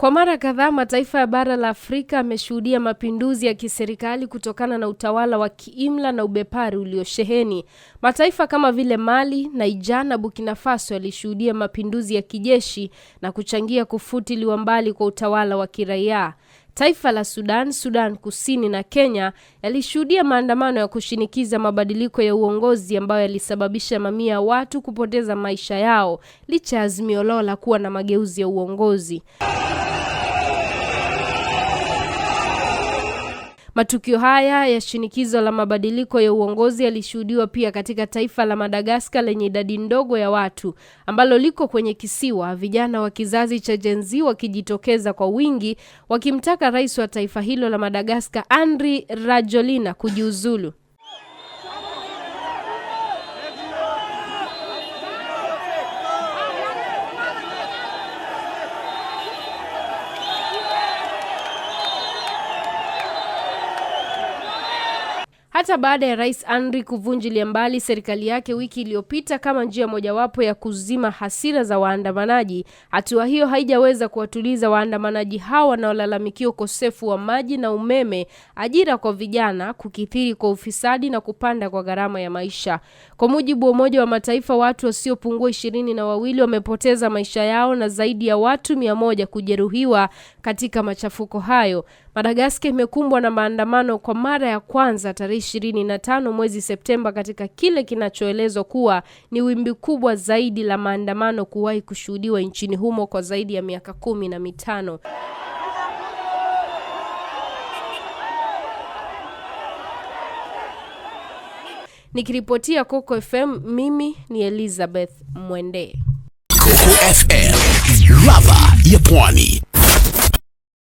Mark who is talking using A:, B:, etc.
A: Kwa mara kadhaa mataifa ya bara la Afrika yameshuhudia mapinduzi ya kiserikali kutokana na utawala wa kiimla na ubepari uliosheheni. Mataifa kama vile Mali, Niger na Burkina Faso yalishuhudia mapinduzi ya kijeshi na kuchangia kufutiliwa mbali kwa utawala wa kiraia. Taifa la Sudan, Sudan Kusini na Kenya yalishuhudia maandamano ya kushinikiza mabadiliko ya uongozi ambayo yalisababisha mamia ya watu kupoteza maisha yao licha ya azimio lao la kuwa na mageuzi ya uongozi. Matukio haya ya shinikizo la mabadiliko ya uongozi yalishuhudiwa pia katika taifa la Madagaskar lenye idadi ndogo ya watu ambalo liko kwenye kisiwa, vijana wa kizazi cha Gen Z wakijitokeza kwa wingi wakimtaka rais wa taifa hilo la Madagaskar Andry Rajoelina kujiuzulu. hata baada ya Rais Andry kuvunjilia mbali serikali yake wiki iliyopita kama njia mojawapo ya kuzima hasira za waandamanaji, hatua hiyo haijaweza kuwatuliza waandamanaji hao wanaolalamikia ukosefu wa maji na umeme, ajira kwa vijana, kukithiri kwa ufisadi na kupanda kwa gharama ya maisha. Kwa mujibu wa Umoja wa Mataifa, watu wasiopungua ishirini na wawili wamepoteza maisha yao na zaidi ya watu mia moja kujeruhiwa katika machafuko hayo. Madagaskar imekumbwa na maandamano kwa mara ya kwanza tarehe ishirini na tano mwezi Septemba katika kile kinachoelezwa kuwa ni wimbi kubwa zaidi la maandamano kuwahi kushuhudiwa nchini humo kwa zaidi ya miaka kumi na mitano. Nikiripotia Coco FM, mimi ni Elizabeth Mwende. Coco FM, ladha ya Pwani.